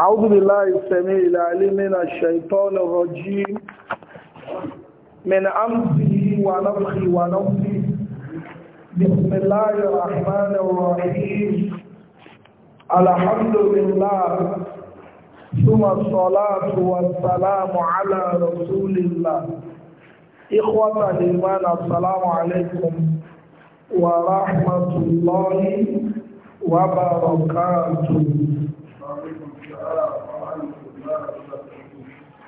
أعوذ بالله السميع العليم من الشيطان الرجيم من أمسه ونفخه ونفخه بسم الله الرحمن الرحيم الحمد لله ثم الصلاة والسلام على رسول الله إخوة الإيمان السلام عليكم ورحمة الله وبركاته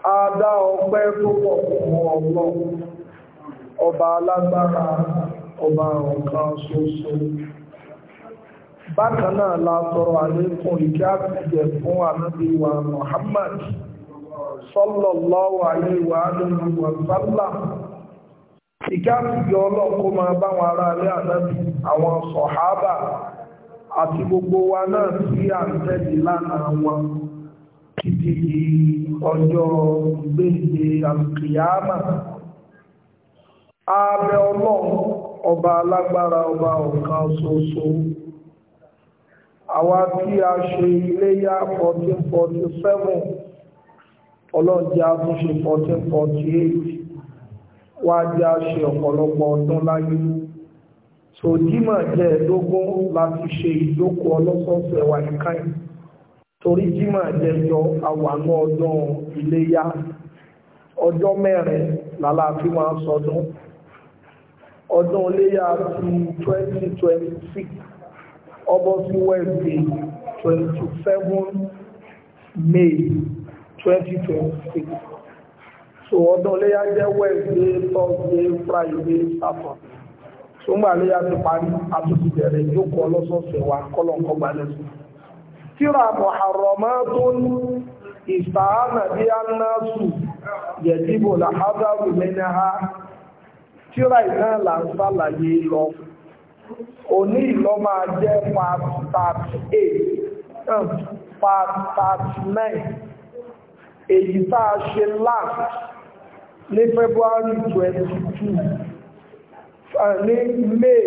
Adá ọpẹ́ púpọ̀ fún ọlọ́, ọba alágbára, ọba ọ̀kan ṣoṣo. Bákan náà la tọrọ àlékún ìkẹ́ àpẹjẹ fún ànábì wa Muhammad sallallahu alaihi wa alihi wa sallam. Ìkẹ́ àpẹjẹ ọlọ́kọ́ máa báwọn ará alẹ́ ànábì àwọn sọ̀hábà àti gbogbo wa náà sí lánàá wọn. títí di ọjọ́ gbéǹde alùkìyàmà abẹ ọlọ́run ọba alágbára ọba ọ̀kan ṣoṣo àwa tí a ṣe iléyá 1447 ọlọ́jẹ́ àtúnṣe 1448 wá jẹ́ àṣẹ ọ̀pọ̀lọpọ̀ ọdún láyé sòdímọ̀ jẹ́ ẹ̀dógún láti ṣe ìdókò ọlọ́sọ̀ọ̀sẹ̀ wà ní káyìí torí jímọ̀ jẹjọ àwànú ọdún iléyá ọjọ́ mẹ́rin làlá fi máa sọdún ọdún iléyá ti 2026 ọbọ̀ sí Wednesday 27 May 2026 so ọdún iléyá jẹ́ Wednesday Thursday Friday Saturday so ń gbà léyá ti parí àtúntì bẹ̀rẹ̀ ìjókòó ọlọ́sọ̀ọ̀sẹ̀ wa kọ́lọ̀ ń kọ́ gbalẹ̀ sùn tíra muharramatun ìfàánà bí a náàsù yẹ̀dìbò làhádàrù mẹ́nàá tíra iná là ń sàlàyé lọ òní ìlọ máa jẹ́ part 38 um, part 39 èyí tá a ṣe last ní February 22 uh, ní May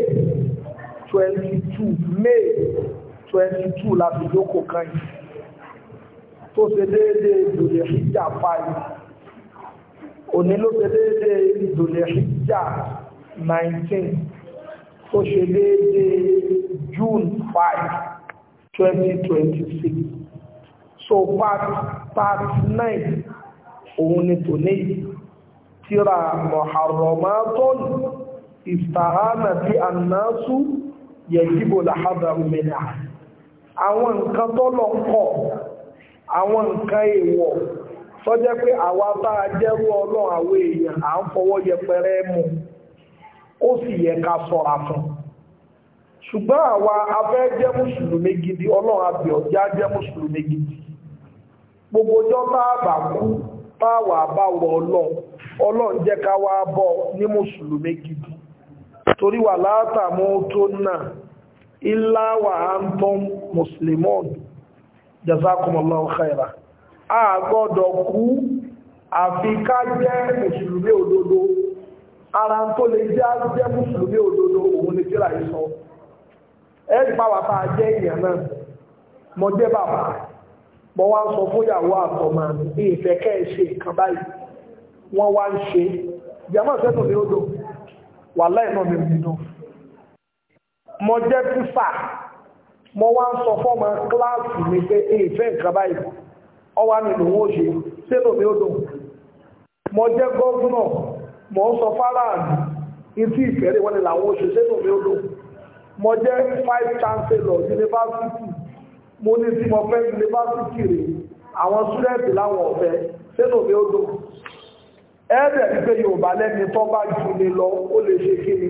22 May 22 láti lókò kan yìí tó ṣe déédé ìdòlè ìjà fáyì òní ló ṣe déédé ìdòlè ìjà 19 tó ṣe déédé June 5 2026 so part part 9 òun ni tòní tíra mọ̀hàrọ̀mọ́tọ́n ìfàhánà bí annáṣú yẹ̀jíbò làhádà òmìnira àwọn nǹkan tó lọ ń kọ̀ àwọn nǹkan èèwọ̀ tó jẹ́ pé àwa bá a jẹ́rú ọlọ́run àwọn èèyàn à ń fọwọ́ yẹpẹrẹ mú ó sì yẹ ká sọ̀ra fún ṣùgbọ́n àwa afẹ́ jẹ́ mùsùlùmí gidi ọlọ́run abẹ́ ọjà jẹ́ mùsùlùmí gidi gbogbo ọjọ́ bá a bà kú bá wà bá wọ ọlọ́run ọlọ́run jẹ́ ká wá bọ̀ ní mùsùlùmí gidi torí wà látàmú tó náà illa wa antum muslimun jazakumullahu khaira a gbọ́dọ̀ kú àfi ká jẹ́ mùsùlùmí òdodo ara tó lè jẹ́ mùsùlùmí òdodo òun lè jẹ́ láì sọ ẹ̀rí pàwà bá jẹ́ èèyàn náà mo jẹ́ bàbá mo wá ń sọ fún ìyàwó àtọ̀mà ìfẹ́ kẹ́ẹ̀ṣe nǹkan báyìí wọ́n wá ń ṣe ìyàmọ̀ sẹ́tò ní odò wà láìnà mi ò nínú mo jẹ́ pífà mo wá ń sọ fọ́mọ kíláàsì mi pé èèfẹ́ nǹkan báyìí ọwá mi lòun ó ṣe sẹ́lò mi ó dùn mo jẹ́ gọ́vùnà mo ń sọ fáráàlú ìtí ìfẹ́rẹ́ wọlé làwọn ó ṣe mi ó dùn mo jẹ́ five chancellor yunifásitì mo ní tí mo fẹ́ yunifásitì rè àwọn súrẹ́ẹ̀tì láwọn ọ̀fẹ́ sẹ́lò mi ó dùn ẹ̀ẹ́dẹ̀ wípé Yorùbá lẹ́ni tó bá jù mí lọ ó lè ṣe kí ni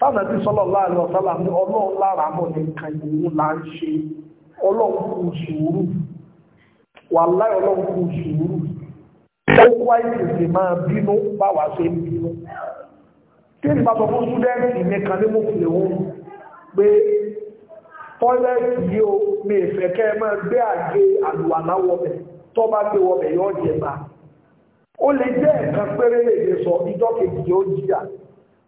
tánà tí sọ́lọ̀ láàrin ọ̀sálà ní ọlọ́run lára mọ́ ní nǹkan ìwò là ń ṣe ọlọ́run kú sùúrù wà láì ọlọ́run kú sùúrù ó wá ìpèsè máa bínú báwa ṣe ń bínú tí ìgbà sọ fún súdẹ́ǹtì mi kan ní mo fi òun pé tọ́lẹ́tì yìí ó mi máa gbé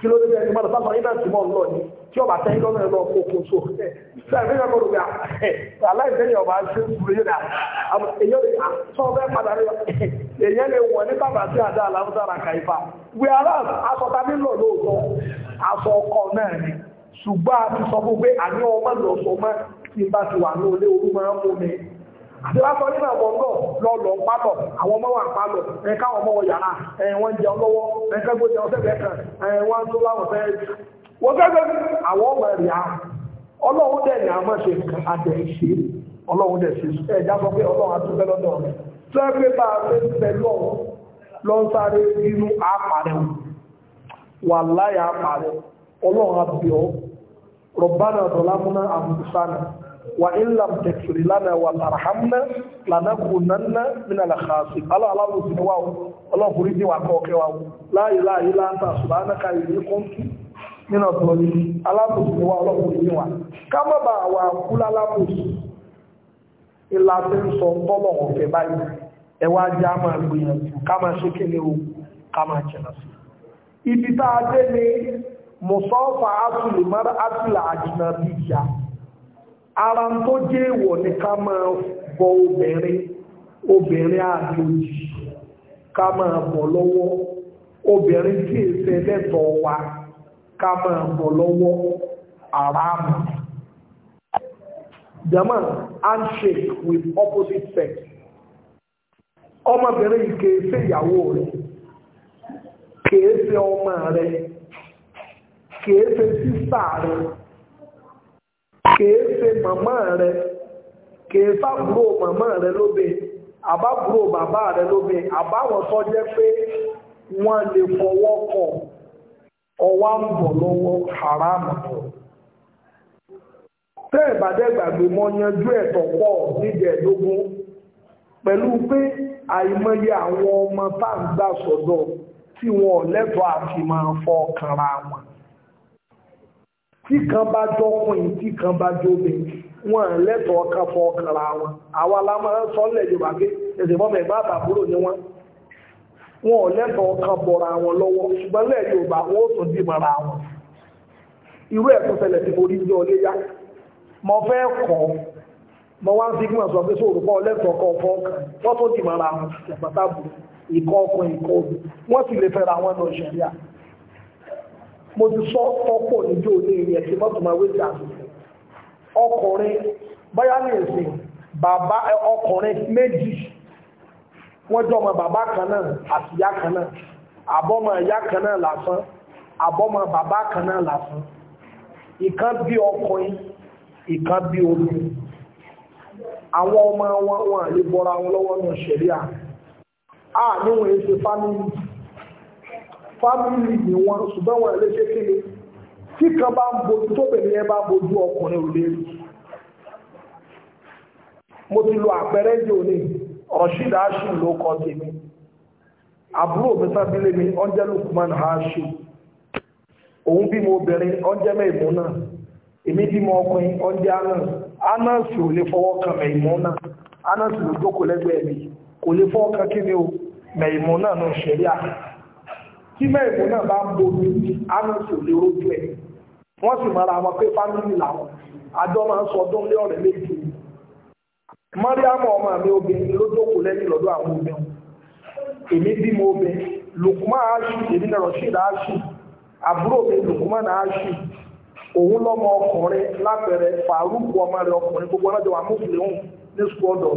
kí ló dé bẹ́ẹ̀ ni mọ́tò bá sọ̀rọ̀ iná tí mọ́ ń lọ ni tí ọba tẹ́ ilé ọ̀nà ẹ̀rọ kó kó so sẹ́ẹ̀fẹ́ yẹn kọ́dọ̀ bíi à aláìsẹ́ yẹn ọba ṣe kúrò yẹn dà èyàn lè sọ bẹ́ẹ̀ padà rẹ èyàn lè wọ̀ ní bàbá tí àdá aláwùsára kà ifá whereas asọ̀tà mi lọ lóòótọ́ aṣọ ọkọ náà ni ṣùgbọ́n a ti sọ fún pé àní ọmọ lọ sọ mọ́ tí n bá ti wà ní olé orú máa mi àdìwásọ nínú àwọn ọmọ náà lọ àwọn ọmọ ẹ̀ka ọmọ wọn yàrá jẹ ọlọ́wọ́ ẹ̀ka gbọ́dọ̀ ọ̀sẹ̀fẹ̀ kan ẹ̀ tó láwọn fẹ́ wọ́n gẹ́gẹ́ àwọn ọmọ rẹ̀ á ọlọ́run dẹ̀ ní àmọ́ ṣe àdẹ̀ ṣe ọlọ́run dẹ̀ ṣe ẹ̀ jábọ̀ pé ọlọ́run lọ́dọ̀ rẹ̀ a wa illam takfir lana wa tarhamna lanakunanna min al-khasirin ala ala lo sin wa ala furi ji wa ko ke wa la ilaha illa anta subhanaka inni kuntu min adh-dhalimin ala lo sin wa ala furi ji wa kama ba wa kula la mo illa tin so tolo o fe báyìí ẹ wá ja ma gbiyan ká má o ká má jena si musafa asul mar'atul ajnabiyya ara tó jẹ́ èèwọ̀ ni ká máa bọ obìnrin obìnrin àjòjì ká máa bọ̀ lọ́wọ́ obìnrin tí èsè lẹ́tọ̀ọ́ wa ká máa bọ̀ lọ́wọ́ àràmù jama handshake with opposite sex ọmọbìnrin kìí ṣe ìyàwó rẹ̀ kìí ṣe ọmọ rẹ, kìí ṣe sísá rẹ̀. kèé ṣe màmá rẹ kèé fàbúrò màmá rẹ lóbe àbábúrò bàbá rẹ lóbe àbáwọn tó jẹ́ pé wọ́n lè fọwọ́ kọ ọwá ń bọ̀ lọ́wọ́ haram bọ̀ tẹ́ ìbàdẹ́gbàgbé mọ́ yanjú ẹ̀tọ́ pọ̀ nídẹ̀ẹ́dógún pẹ̀lú pé àìmọye àwọn ọmọ tá ń gbà sọ́dọ̀ tí wọn ò lẹ́tọ̀ọ́ àti máa fọ́ kanra wọn tí kan bá jọkùnrin tí kan bá jóbin wọn lẹ́tọ̀ọ́ kan fọ ọkànra wọn àwa la máa ń sọ ńlẹ̀ yorùbá pé ẹ̀sìn mọ́mọ́ ẹ̀gbá àbúrò ni wọ́n wọn ò lẹ́tọ̀ọ́ kan bọ̀ra wọn lọ́wọ́ ṣùgbọ́n lẹ́ẹ̀ yorùbá wọn ó tún dìmọ̀ra wọn irú ẹ̀ tó ṣẹlẹ̀ tí mo rí ní ọlé yá mo fẹ́ kọ́ mo wá ń fi gbọ́n sọ pé sóòrò pọ́ lẹ́tọ̀ọ́ kan fọ́ kan wọ́n tún dìmọ̀ra wọn mo ti sọ ọkọ̀ níjó ní ìyẹn tí mọ́tò máa wé jà ọkùnrin báyá ní ìsìn bàbá ọkùnrin méjì wọ́n jọ ọmọ bàbá kan náà àti ìyá kan náà àbọ́mọ ìyá kan náà lásán àbọ́mọ bàbá kan náà lásán ìkan bí ọkùnrin ìkan bí obìnrin àwọn ọmọ wọn wọn àlebọra wọn lọ́wọ́ náà ṣẹlẹ̀ à níwọ̀n èsì fámìlì fámìlì ni wọn ṣùgbọ́n wọn lè ṣe kéde tí kan bá ń bojú tóbìnrin yẹn bá bojú ọkùnrin ò mo ti lo àpẹẹrẹ ní òní Rashid Hashim ló kọ tèmi àbúrò mi mi ọ̀njẹ́ Lukman Hashim òun obìnrin náà èmi ọkùnrin ò lè fọwọ́ kan náà ló jókòó lẹ́gbẹ̀ẹ́ mi kò lè fọwọ́ kan kí ni o mẹ́ìmú náà náà ṣẹlẹ̀ àná. tí mẹ́ìmú náà bá ń ní ánùsù lè rójú ẹ̀ wọ́n sì mara wọn pé fámìlì làwọn àjọ máa ń sọ ọdún lé ọ̀rẹ́ méjì mariamu ọmọ mi obìnrin ló lẹ́yìn lọ́dọ̀ àwọn obìnrin èmi bí mo bẹ èmi àbúrò mi òun lọ́mọ ọkùnrin ọmọ rẹ ọkùnrin gbogbo wà hùn ní sùkú ọ̀dọ̀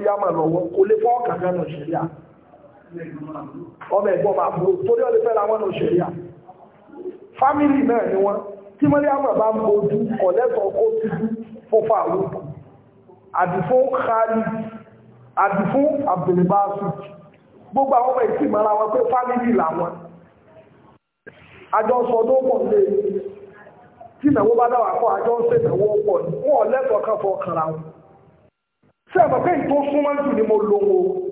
mi lọ́wọ́ kò lè fọ́ ọmọ ẹ̀gbọ́n máa bú torí ọdún fẹ́ra wọn náà ṣẹlẹ̀ fámìlì náà ni wọ́n tí mọ́lé àmọ̀ bá ń bojú kọ̀lẹ́tọ̀ kó ti fọ́fà lókù àdìfún Khalid àdìfún Abdulbasu gbogbo àwọn ọmọ ìsìn mara wọn pé fámìlì làwọn àjọ sọ tó pọ̀ lé tí ìnáwó bá dáwà kọ́ àjọ ń ṣènáwó pọ̀ ní wọn lẹ́tọ̀ọ́ kan fọ́ kàrà wọn sẹ́ẹ̀mọ̀ pé ìtó súnmọ́ jù ni mo lò wọn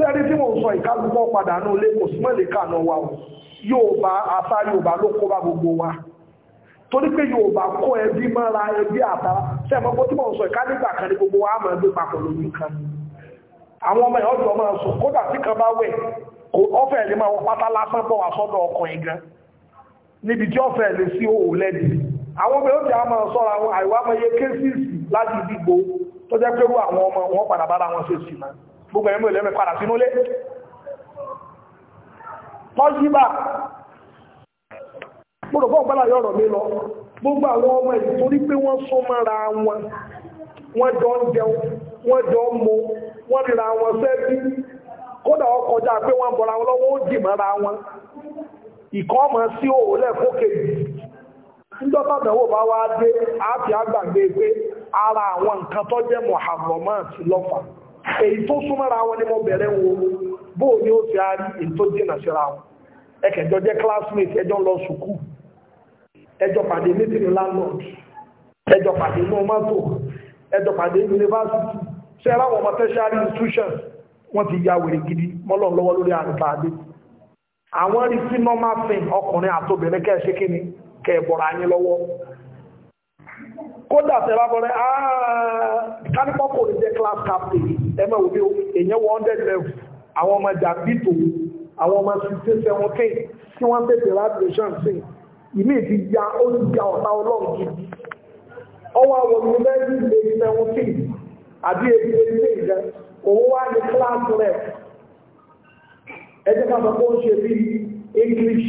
sẹ́rí tí mo sọ ìkálùkọ́ padà ní olé kò súnmọ́ lè kà náà wà ó Yorùbá ló kó bá gbogbo wa torí pé bá kó ẹbí mọ́ra ẹbí àtà sẹ́mọ́ pé tí mo sọ ìkálùkọ́ gbogbo wa papọ̀ lórí kan àwọn ọmọ ọmọ kódà tí kan bá wẹ̀ máa pátá lásán bọ̀ wá sọ́dọ̀ níbi tí sí àwọn ọmọ ọmọ àwọn àìwá gbogbo ẹ̀mọ́ ilẹ̀ mẹ́fàdà sínú lé gbogbo ọ̀gbọ́nà yọ̀rọ̀ mi lọ gbogbo àwọn ọmọ ìlú torí pé wọ́n sún awọn. wọn wọ́n jọ ń jẹun wọ́n jọ ń wọ́n rira wọn wọn lọ́wọ́ awọn. ara muhammad èyí tó súnmọ́ra wọn ni mo bẹ̀rẹ̀ wo bóò ni ó ti á rí èyí tó dènà síra wọn ẹkẹjọ jẹ́ classmate ẹjọ́ lọ sùkúù ẹjọ́ pàdé meeting landlord ẹjọ́ pàdé inú mọ́tò ẹjọ́ pàdé university ṣe ara wọn tertiary institutions wọ́n ti ya wèrè gidi mọ́lọ̀ lọ́wọ́ lórí àdìpàdé àwọn rí sí normal thing ọkùnrin àtobìnrin kẹ́ẹ̀ṣe kíni kẹ́ẹ̀bọ̀rọ̀ ayé lọ́wọ́ kódà tẹ́lá bọ́rẹ́ ah, kánípọ́pọ̀ lè jẹ́ class captain ẹmẹ́ òbí èyàn 100 level àwọn ọmọ jàbítò àwọn ọmọ 16-17 tí wọ́n tètè radiation sí ìmí ti ya ó ti ya ọ̀tá ọlọ́run gidi ọwọ́ àwọn university lè 17 àbí èyí lè lè jẹ òun wá ní class rep ẹjẹ́ káfà kó ń ṣe bí English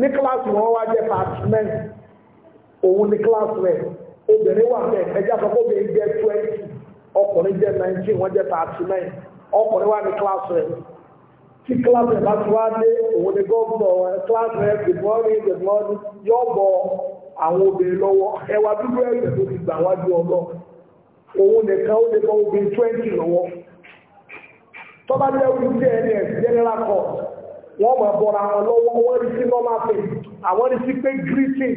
ní class wọn wá jẹ́ partment òun ni class rẹ̀ obìnrin wà bẹ́ẹ̀ ẹja sọ pé obìnrin jẹ́ twenty ọkùnrin jẹ́ nineteen wọ́n jẹ́ thirty nine ọkùnrin wà ní class rẹ̀ tí class rẹ̀ bá ti wá dé òun ni gọ́ọ̀nà class rẹ̀ good morning good morning yọ bọ àwọn obìnrin lọ́wọ́ ẹwà dúdú ẹ̀jẹ̀ tó ti gbà wájú ọlọ́ òun nìkan ó lè kọ́ obìnrin twenty lọ́wọ́ tọ́ba jẹ́ wípé ẹni ẹ̀ general court wọ́n mọ̀ bọ̀ra wọn lọ́wọ́ wọ́n rí sí normal pay àwọn rí sí pé greeting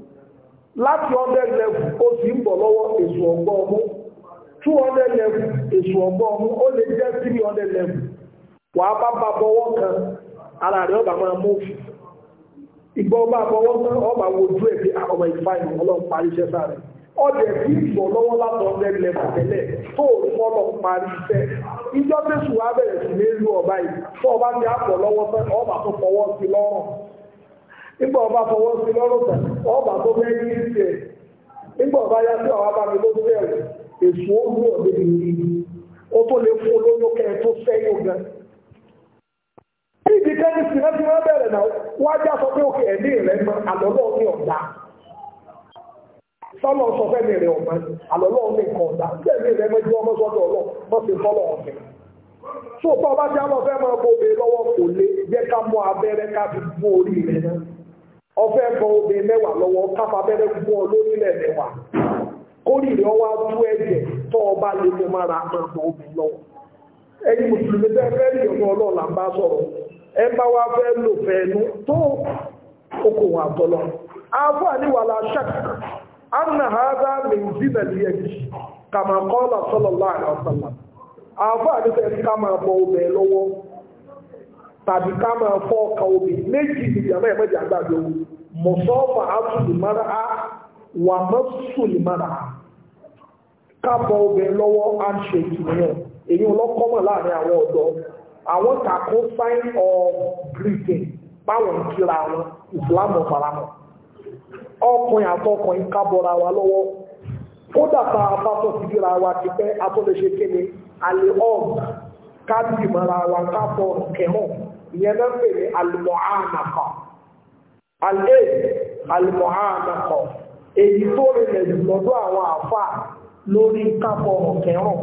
láti ọdẹ lẹ́fù ó sì ń bọ̀ lọ́wọ́ èso ọgbọ́ ọmú two hundred èso ọgbọ́ ọmú ó lè jẹ́ three wà á bá bá bọ́wọ́ kan ara rẹ̀ ọba máa mú fi ìgbọ́ ọba bọ́wọ́ kan ọba wo ojú ah, parí iṣẹ́ sáré ọdẹ lọ́wọ́ láti tẹ́lẹ̀ tó ọba yìí ọba ti lọ́wọ́ tán nígbà ọba fọwọ́ sí ọba tó fẹ́ ní ìṣe nígbà ọba yá sí àwọn abámi ló fẹ́ rẹ̀ èso ó ní ọ̀dẹ́ ìlú ó tó lè fún olóyún kẹrin tó sẹ́yìn gan. níbi kẹ́ni sí náà ti bẹ̀rẹ̀ náà wọ́n á já sọ pé òkè ẹ̀dín rẹ̀ mọ àlọ́lọ́ ní ọ̀dà sọ fẹ́ mi rẹ̀ àlọ́lọ́ ní ọ̀dà bẹ́ẹ̀ mi rẹ̀ ọmọ sọ́dọ̀ ọlọ́ ọfẹ́ bọ obe mẹ́wàá lọwọ káfa abẹ́rẹ́ gbọ́ lórílẹ̀ mẹ́wàá kórìrì ọwọ́ atú ẹ̀jẹ̀ tó ọba lè mara máa bọ obìnrin lọ́wọ́ mùsùlùmí ebe fẹ́ rí ọmọ ọlọ́ọ̀lá bá sọ̀rọ̀ ẹ bá wá fẹ́ lò tó okòwò afọ ṣak anna hada kàmá sọlọ afọ bọ obe lọwọ. tàbí ká máa fọ́ ọkà omi méjì ìjàmbá ẹ̀mẹ́jì àgbàdo mọ̀sọ́fà átùlùmára á wà mọ́sùlùmára á kábọ̀ obìnrin lọ́wọ́ handshake yẹn èyí ọlọ́kọ́mọ̀ láàrin àwọn ọ̀dọ́ àwọn kàkó sign of greeting báwọn kíra àwọn ìsìlámù faramọ́ ọkùnrin àtọkùnrin kábọ̀ra wa lọ́wọ́ kódà tá a bá tó ti dira wa ti pẹ́ atọ́lẹ́ṣe kéde àlè ọ̀g kábìmọ̀ra wa kábọ̀ kẹ̀hàn ìyẹn náà ń pè ní alimohanakọ alẹ́ alimohanakọ èyí tó rìnlẹ̀ lọ́dọ̀ àwọn àfà lórí kápọ̀ ọ̀kẹ́rùn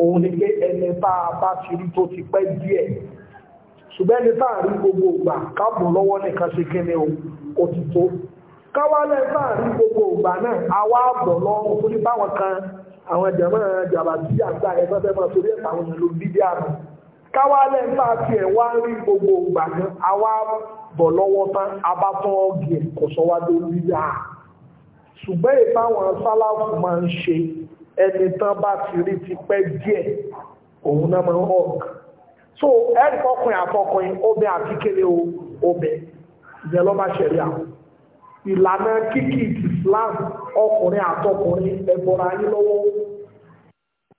òun ni pé ẹni bá a bá ti rí tó ti pẹ́ díẹ̀ ṣùgbọ́n ẹni tá à rí gbogbo ìgbà káàbù lọ́wọ́ nìkan ṣe kí ni ó ti tó káwálẹ̀ tá à rí gbogbo ìgbà náà àwa àbọ̀ lọ́rùn tó ní báwọn kan àwọn jàmọ́ jàbàtì àgbà ẹ̀fẹ́fẹ́ máa torí ẹ̀ta àwọn èèyàn ló àrùn káwálẹ̀ ń tà tiẹ̀ wá rí gbogbo ìgbà kan àwa bọ̀ lọ́wọ́ tán abátán ọ̀gì ẹ̀ kò sọ wá lórí yá ṣùgbọ́n ìbáwọn sálàfù máa ń ṣe ẹni tán bá ti rí ti pẹ́ díẹ̀ òun náà máa ń hug so ẹ̀rí kọkùnrin àtọkùnrin obìnrin àti kéré o obìnrin ìyẹn ló máa ṣẹlẹ̀ àwọn ìlànà kíkì Islam ọkùnrin àtọkùnrin ẹ̀bọ̀ra yín lọ́wọ́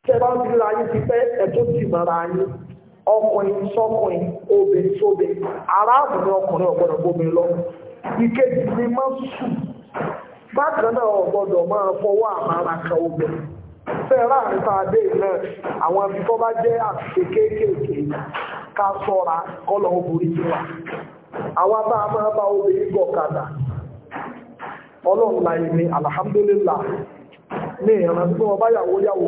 tẹ́ bá ń fi ra yín ti pẹ́ ẹ̀ tó ti mọ̀ra yín. ọkùnrin sọkùnrin obìnrin sóbe ara ni ọkùnrin ọ̀gbọ́dọ̀ bómi lọ ìkejì ni má sùn bákan náà ọ̀gbọ́dọ̀ máa fọwọ́ àmàrà fẹ́ láàrin a náà àwọn ibi bá jẹ́ àṣìṣe kéékèèké ká sọ́ra kọ́lọ̀ obìnrin ti máa bá obìnrin ọlọ́run láyé ni ní wọ́n bá yàwó yàwó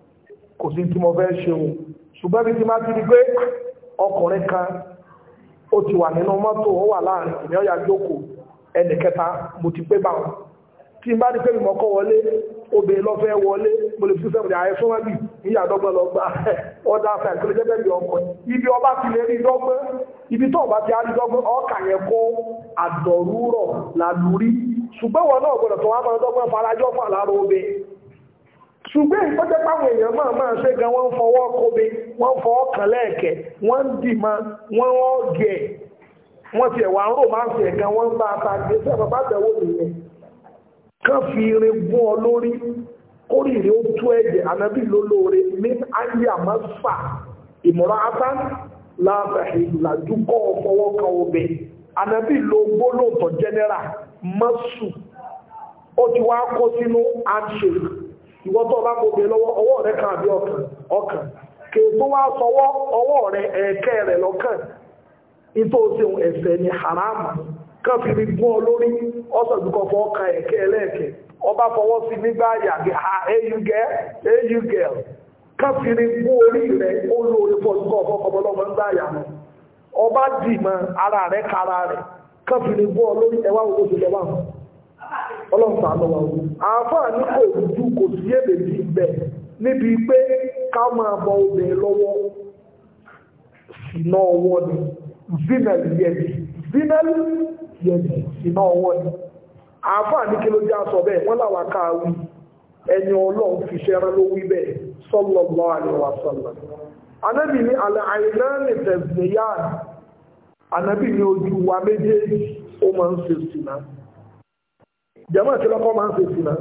kò sí tí mo fẹ́ ṣe o ṣùgbọ́n bí ti máa ti di pé ọkùnrin kan ó ti wà nínú mọ́tò ó wà láàrin ìní ọ̀yà jókòó ẹnì kẹta mo ti pé báwọn tí n bá ní pé mi mọ́kọ́ wọlé obìnrin lọ́fẹ́ wọlé mo lè fi sẹ́mu ní ààyè fún ẹbí níyà dọ́gbọ́n lọ gba ọ̀dà àfẹ́ àti lẹ́jẹ́ bí ọkọ̀ ibi ọba ti lè rí dọ́gbọ́n ibi tó ọba ti rí dọ́gbọ́n ọkà yẹn kó àdọ̀rúrọ̀ làlúrí ṣùgbọ́n wọn náà gbọ́dọ̀ tó wá máa dọ́gbọ́n farajọ́ fà lára obìnrin sugbe ìpọ́jẹ́ páwọn èèyàn máa máa ṣe gan wọ́n ń fọwọ́ kóbe wọ́n ń fọwọ́ kàn wọ́n ń dìmọ̀ wọ́n ń gẹ̀ wọ́n ti ẹ̀wà ń rò máa ń ata gbé nìyẹn kán fi irin gún ọ lórí kórì rí ó tú ẹ̀jẹ̀ ànábì ló ní ayé àmọ́ fà ata ìlàdúkọ́ fọwọ́ kan obẹ̀ ànábì ló gbólóòtọ̀ general mọ́sù ó ti wá kó sínú ìwọ́n tó bá gbogbo lọ́wọ́ ọwọ́ rẹ̀ kan àbí ọkàn ọkàn tó wá sọwọ́ ọwọ́ rẹ̀ ẹ̀ẹ̀kẹ́ rẹ̀ lọ́kàn nítòsí ẹ̀ṣẹ̀ ni haramu kan fi gún ọ lórí ọ̀sọ̀ ìdúkọ̀ fọ́ ọkàn ẹlẹ́ẹ̀kẹ́ ọba fọwọ́ sí nígbà ha eyu gẹ́ eyu gẹ́l kan fi gún orí rẹ̀ ó ọba dì ara rẹ̀ kára rẹ̀ kan fi gún ọ lórí ẹwà ọlọ́run sàánú wa àáfàá ní kò kò sí bí níbi pé ká máa bọ obìnrin lọ́wọ́ sínú ọwọ́ ni zinel yẹni zinel yẹni sínú ọwọ́ ni àáfàá ní kí ló jẹ́ aṣọ bẹ́ẹ̀ wọ́n làwọn ẹni ọlọ́run fi ló wí bẹ́ẹ̀ sallallahu anábì ní alẹ́ anábì ní ojú wa méjèèjì ó máa jama ti lọ́kọ́ máa ń ṣe sínà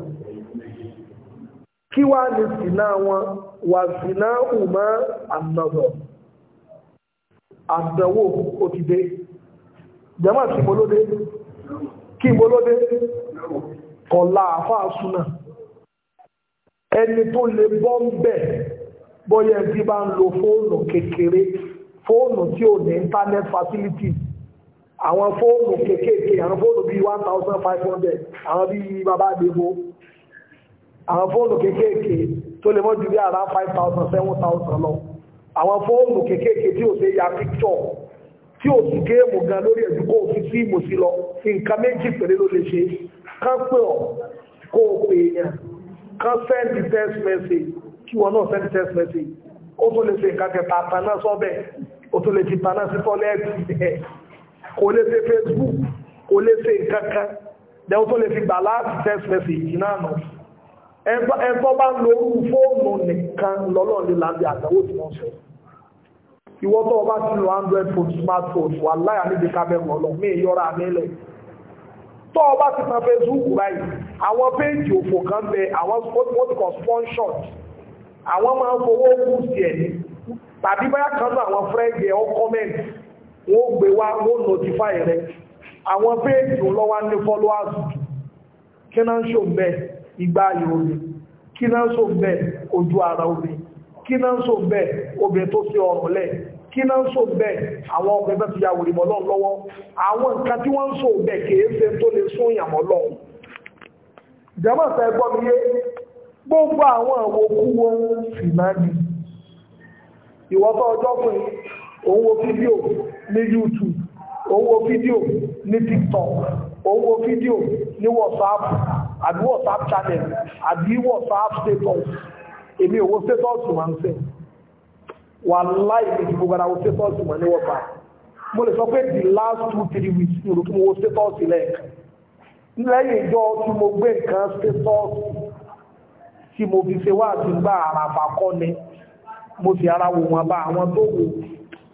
kí wá ní sínà wọn wà sínà ùmọ́ ànàbọ̀ àdánwò òtìdé jama ti bolóde kí bolóde kọ̀lá àfáà súnà ẹni tó lè bọ́ ń bẹ̀ bọ́yẹ̀ tí bá ń lo fóònù kékeré fóònù tí ò ní internet facilities àwọn fóònù kéékèèké àwọn fóònù bíi one thousand five hundred àwọn bíi bàbá àdébò àwọn fóònù kéékèèké tó lè mọ́ ju bí ara five thousand seven thousand lọ àwọn fóònù kéékèèké tí ò ṣe ya picture tí ò sì géèmù gan lórí ẹ̀dùkọ́ òfin sí ìmọ̀ sí lọ nǹkan méjì péré ló lè ṣe kán pè ọ́ kó o pè èèyàn kán sẹ́ndì text message kí wọn náà sẹ́ndì text message ó tún lè ṣe nǹkan kẹta àtàná sọ́bẹ̀ ó tún lè ti tàná sí tọ́lẹ́ẹ̀tì kò lè ṣe facebook kò lè ṣe nǹkankan lẹ́wọ́n tó lè fi gbà láti text message náà nù ẹ̀tọ́ bá ń lo orú fóònù nìkan lọ́lọ́run ní lábẹ́ àtàwọn tí wọ́n sọ ìwọ́n tó bá ti lo android phone smartphone wà láyà níbi kábẹ́rù ọlọ́ mí yọra nílẹ̀ tó bá ti tan facebook báyìí àwọn péèjì òfò kan bẹ àwọn spotify sponsors àwọn máa ń fowó kù sí ẹ̀ ní tàbí báyà kan náà àwọn fúrẹ́ǹdì ẹ̀ ọ́ kọ́mẹ́ǹtì wọ́n gbé wá wọ́n notify rẹ̀ àwọn péèjì olówá ní followers kí náà ń ṣò mẹ́ ìgbà ayò omi kí náà ń ṣò mẹ́ ojú ara omi kí náà ń ṣò mẹ́ obìnrin tó ṣe ọ̀rọ̀ lẹ̀ kí náà ń ṣò mẹ́ àwọn ọkùnrin tó ti ya wòrìmọ̀ lọ́n lọ́wọ́ àwọn nǹkan tí wọ́n ó ń fídíò ní YouTube ó fídíò ní TikTok ó fídíò ní WhatsApp àbí WhatsApp channel àbí WhatsApp status èmi ò status máa ń sẹ́ wà status ní mo lè sọ pé the last two three weeks ní olùkọ́ mo status lẹ́ẹ̀kan lẹ́yìn ìjọ tí mo gbé nǹkan status tí mo fi ṣe wá àti gbá àràfà ni mo sì ara wò wọn bá àwọn tó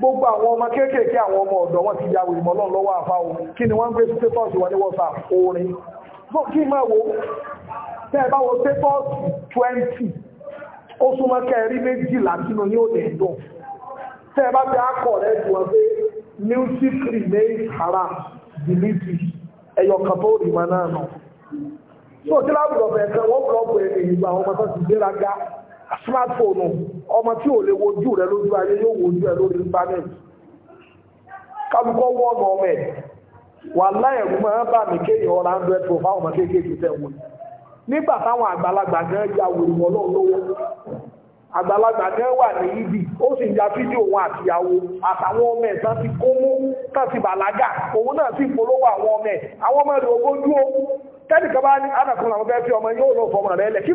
gbogbo àwọn ọmọ kéékèèké àwọn ọmọ ọ̀dọ́ wọn ti ya ìmọ̀ lọ́n lọ́wọ́ àfa o kí ni wọ́n ń gbé status wọn ní WhatsApp orin fún kí máa wo tẹ́ ẹ bá wo status twenty ó súnmọ́ kẹrí méjìlá sínú ní òde ìdùn tẹ́ ẹ bá fi akọ̀ rẹ̀ jù wọn pé music remains haram delete ẹ̀yọ̀ kan tó rí wọn náà lábùdọ̀ wọ́n ọ̀pọ̀ smartphone ọmọ tí ò lè wojú rẹ lójú ayé yóò wojú ẹ lórí internet kálukọ wọnà ọmọ ẹ wà mí kéèyàn ọmọ tẹ̀ wọ́n nígbà táwọn àgbàlagbà gan ya wọn àgbàlagbà gan wà ní ibi ó sì ya fídíò wọn àtìyàwó àtàwọn ọmọ ẹ̀ tán ti kó mú bàlágà òun ẹ̀ àwọn ọmọ ní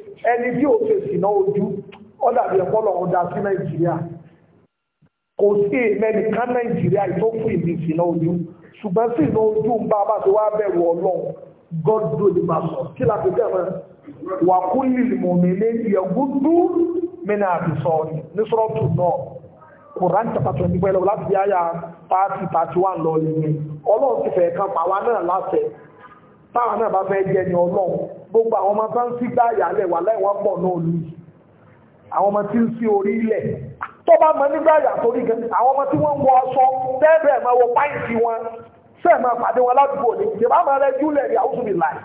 ẹni tí ò ṣe sì náà ojú ọ̀dàbí ẹ̀pọ̀lọ̀ ọ̀dà sí nàìjíríà kò sí èmẹ́ni ká nàìjíríà tó fún ìdí sí náà ojú ṣùgbọ́n sí náà ojú ń bá a bá ti wá bẹ̀rù ọlọ́run god do the master kí la fi tẹ̀wọ̀n wà kú lílì mọ̀mílẹ́ yẹ̀gúdú mẹ́nà àbísọ́ọ̀nì ní sọ́ọ̀tù náà Quran chapter twenty four ẹlẹ́wọ̀n láti yáyà thirty thirty one lọ nìyẹn ọlọ́run ti fẹ̀ẹ́ kan pàwa náà láṣẹ táwa náà bá fẹ́ jẹ́ ni ọlọ́run gbogbo àwọn ọmọ tó ń sí gbá àyàlẹ̀ wà láì pọ̀ náà lù àwọn ọmọ tí ń sí orí ilẹ̀ tó bá mọ nígbà àyà torí gan àwọn ọmọ tí wọ́n ń wọ aṣọ bẹ́ẹ̀ máa wọ páìsì wọn sẹ́ẹ̀ máa pàdé wọn ládùúgbò ní máa rẹ júlẹ̀ ní mi láì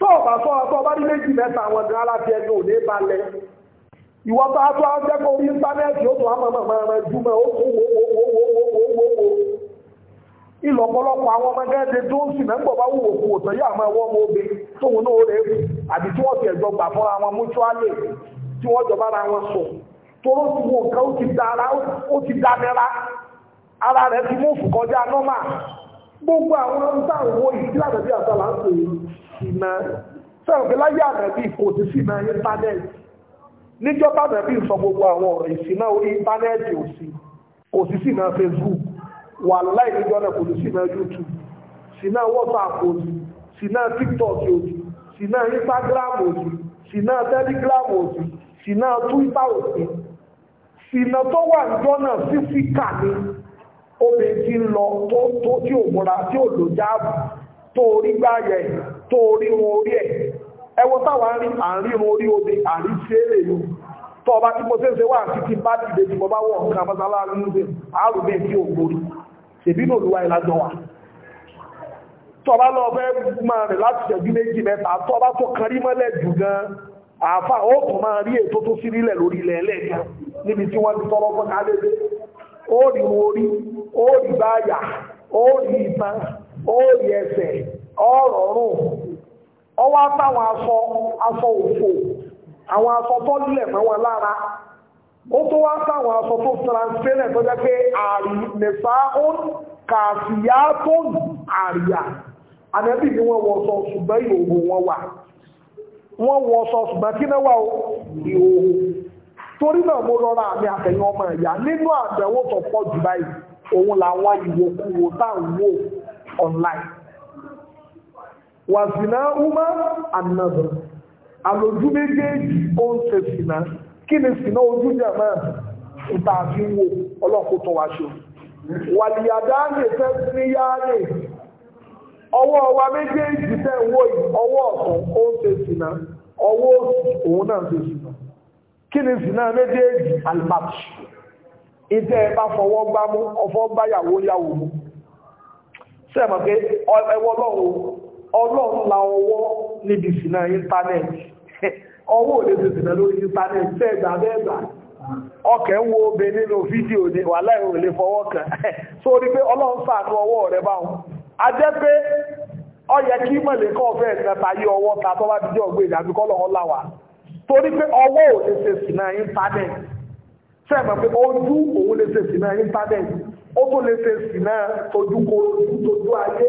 tó o bá sọ ọtọ bá ní àwọn gan aláfi ẹni ò ní tó tó jẹ́ kó orí íńtánẹ́ẹ̀tì ó ìlọ ọ̀pọ̀lọpọ̀ àwọn ọmọ gẹ́gẹ́ tó ń sì mẹ́gbọ̀ bá wùwò kú òtọ́ yà máa wọ́n mọ́ obe tóun náà rẹ̀ kù àbí tí wọ́n ti ẹ̀jọ́ gbà fún àwọn mútúálì tí wọ́n jọba ara wọn sùn tóró ti wo nǹkan ó ti dára ó ti dámẹ́ra ara rẹ̀ ti mú fùkọjá nọ́mà gbogbo àwọn táwọn ìsílànà bí àtàlà ń pè ìmọ̀ sẹ́wọ̀n pé láyé ànàbí kò ti sí ìmọ̀ íńtánẹ́ẹ̀tì níjọba ànàbí sọ gbogbo àwọn ọ̀rọ̀ ìsìn náà orí íńtánẹ́ẹ̀tì ò sí kò sí Facebook wà láì níjọ́ náà ní sí YouTube sí WhatsApp òdì sí TikTok òdì sí Instagram òdì sí Telegram òdì sí Twitter òdì sí náà tó wà níjọ́ náà fífíkà ni obìnrin ti ń lọ tó tí ò múra tí ò lò jáàbù tó orí gbáyẹ tó orí wọn orí ẹ̀ ẹwọ táwọn àárín àárín orí omi àárín sí èrè yìí tó ọba tí mo ṣe ń ṣe wà títí bá dìde tí mo bá wọ̀ nǹkan abásáláàrí ń ṣe àárùn bẹ́ẹ̀ tí ò gbórí ṣèbí ní olúwa ìlàjọ wà tọba lọ fẹ́ máa rẹ̀ láti ṣẹ̀jú méjì mẹ́ta tọba tó karí mọ́lẹ̀ jù gan àáfà ó kàn máa rí ètò tó sírílẹ̀ lórí ilẹ̀ ẹlẹ́ẹ̀kan níbi tí wọ́n ti tọrọ fún kálẹ́dẹ́ ó rí orí ó tó wá sáwọn aṣọ tó transparent tó jẹ́ pé àrìnẹ̀fà ó ń kàfíyá tó ń àríyá ànẹ́bì ni wọ́n wọ sọ ṣùgbọ́n ìhòòhò wọn wà wọ́n wọ sọ ṣùgbọ́n kí náà wà ó ìhòòhò torí náà mo rọra àmì àtẹ̀yìn ọmọ ìyá nínú àdẹ̀wò tó pọ̀ jù báyìí òun làwọn ìwòkúwò táwọn online wàzìnà umar anazar àlòjú méjèèjì ó ń ṣe sìnà kí ni sìnà ojú jàmá ìta àfi wo ọlọ́kù tó wá ṣe wàlìyàdá lè fẹ́ níyá lè ọwọ́ wa méjèèjì tẹ̀ wọ́ yìí ọwọ́ ọ̀tún ó ń ṣe sìnà ọwọ́ òun náà ṣe sìnà kí ni sìnà méjèèjì alimati ìtẹ́ ẹ bá fọwọ́ gbá mú ọfọ́ gbáyàwó yàwó mú sẹ́mọ̀ pé ẹwọ́ ọlọ́run ọlọ́run la ọwọ́ níbi sìnà íńtánẹ́ẹ̀tì ọwọ́ òde tètè lórí íńtánẹ́ẹ̀tì ṣe ẹ̀gbà ọkẹ̀ ń wo obe nínú fídíò ní lè fọwọ́ so rí pé ọlọ́run sàánú ọwọ́ rẹ̀ báwọn a jẹ́ pé ọ yẹ kí mọ̀lẹ́ kọ́ fẹ́ ìrẹta yí ọwọ́ ta tó ti jẹ́ ìdàbí kọ́ lọ́wọ́ torí pé ọwọ́ ò lè ṣe pé ojú òun lè ṣe ó lè ṣe ayé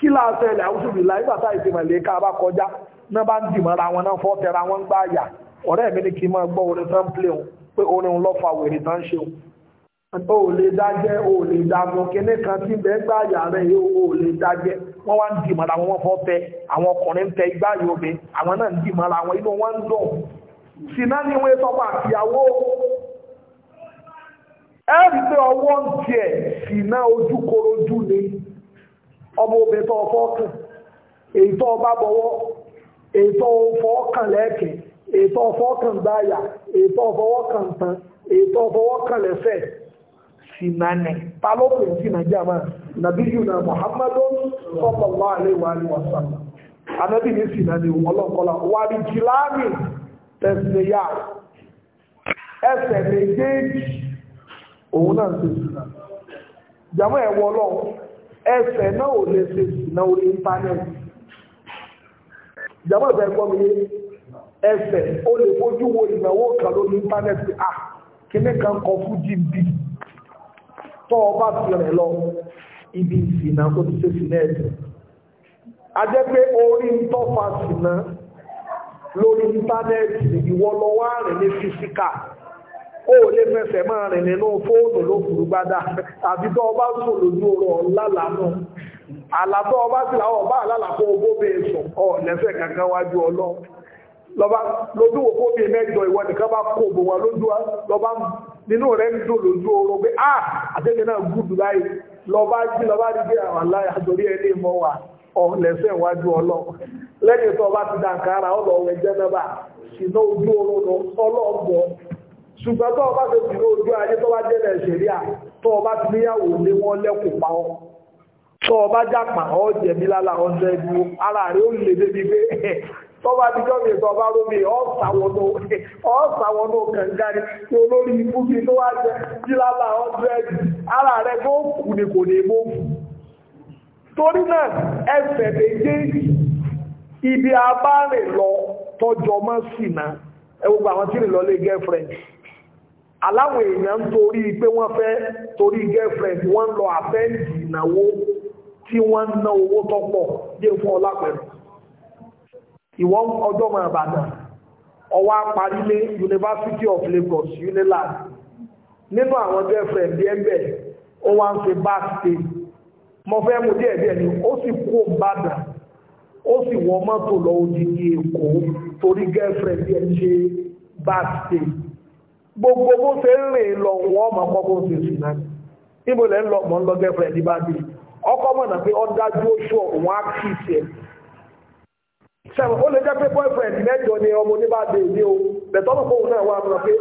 kí láàṣẹ ilẹ̀ àwùjọbí láì bàtà ìsinmi lè ká bá kọjá náà bá ń dìmọ́ra wọn náà fọ́ tẹra wọn gbá àyà ọ̀rẹ́ mi ní kí n máa gbọ́ orin tán plé òun pé orin òun lọ́fà wèrè tán ṣe òun o lè dájẹ́ o lè dàmú kíní kan tí bẹ́ẹ̀ gbá àyà rẹ̀ yóò o lè dájẹ́ wọ́n wá ń dìmọ́ra wọn fọ́ tẹ àwọn ọkùnrin tẹ igbá yòóbe àwọn náà ń dìmọ́ra wọn inú wọn ń dùn sínà ni wọ́n sọ pé àtìyàwó ẹ̀rí pé ọwọ́ ń tiẹ̀ sínà ojúkorojú ni ọmọ obìnrin tó ọfọ́ kàn èyí tó ọba bọ̀wọ́ èyí tó ọfọ́ kàn lẹ́ẹ̀kẹ́ èyí tó ọfọ́ kàn gbáyà èyí tó ọfọwọ́ kàn tán èyí tó ọfọwọ́ kàn lẹ́fẹ̀ sinani Muhammadu ẹsẹ̀ náà ò lè ṣe ìsìná orí íńtánẹ́ẹ̀tì ìjàmbá ìfẹ́ gbọ́ mi yé ẹsẹ̀ ó lè fojú wo ìnáwó kan lórí íńtánẹ́ẹ̀tì à kíní kan kọ fún jìnbí tó o ti rẹ̀ lọ ibi ìsìná tó ti ṣe ìsìná ẹ̀sẹ̀ a jẹ́ pé orí ń tọ́fà ìsìná lórí íńtánẹ́ẹ̀tì àrẹ̀ ní ó lè fẹsẹ̀ máa rìn nínú fóònù ló burú gbádà tàbí tó ọba sùn lójú ọ̀rọ̀ lálàánú àlàtọ̀ ọba sì láwọ̀ bá àlàlàpọ̀ ogóbe sùn ọ̀ lẹ́sẹ̀ kankan wájú ọlọ́ lọ́ba lójú òkú bíi ìwọ nìkan bá kó lójú wa nínú ń dùn lójú a ah, náà gùdù láyé lọba jí lọba rí bí ah, àwọn ẹni wa wájú tó ọba ti náà bá ṣìnà ojú oorun lọ ọgbọ. ṣùgbọ́n tó ọba tó ti ní ojú ayé tó bá jẹ́lẹ̀ ṣẹ̀ríà tó ọba ti níyàwó lé wọ́n lẹ́kùn pa ọ́ tó ọba jàpà ọ́ jẹ̀mí lára ọ̀sẹ̀ ẹ̀bù ara rẹ̀ ó lè débi pé tó bá ti jọ́mi tó ọba rómi ọ̀sàwọ̀nà kàngari tí olórí ibùsí tó wá jẹ́ jí lára ọ̀sẹ̀ ẹ̀bù ara rẹ̀ tó kù ni kò ní mú torí náà ẹsẹ̀ méjèèjì ibi abárè lọ tọjọ́ mọ́ sí náà ẹ aláwọn èèyàn ń torí pé wọ́n fẹ́ torí girlfriend wọ́n lọ àfẹ́ǹdì ìnáwó tí wọ́n ń ná owó tó pọ̀ dé fún ọlápẹ̀rẹ̀ ìwọ́n ọjọ́ mọ̀ àbàdàn ọwọ́ aparílé University of Lagos UNILAG nínú àwọn girlfriend bí ẹgbẹ́ ó wá ń ṣe backstage mo fẹ́ mú díẹ̀ díẹ̀ ni ó sì kú òǹbàdàn ó sì wọ mọ́tò lọ odidi Èkó torí girlfriend bí ẹ ṣe backstage gbogbo bó ṣe ń rìn lọ wọ́n ọmọ ọkọ̀ bó ṣe sùn náà níbo lẹ́ ń lọ mọ́ ń lọ gẹ́fẹ̀rẹ́ ní bá bí ọkọ̀ mọ̀nà pé ọ dájú oṣù ọ̀hún á kì í sẹ́wọ̀n ó lè jẹ́ pé mẹ́jọ ni ọmọ oníbàdé ní o bẹ̀tọ́ lọ́pọ̀ òun náà wà lọ pé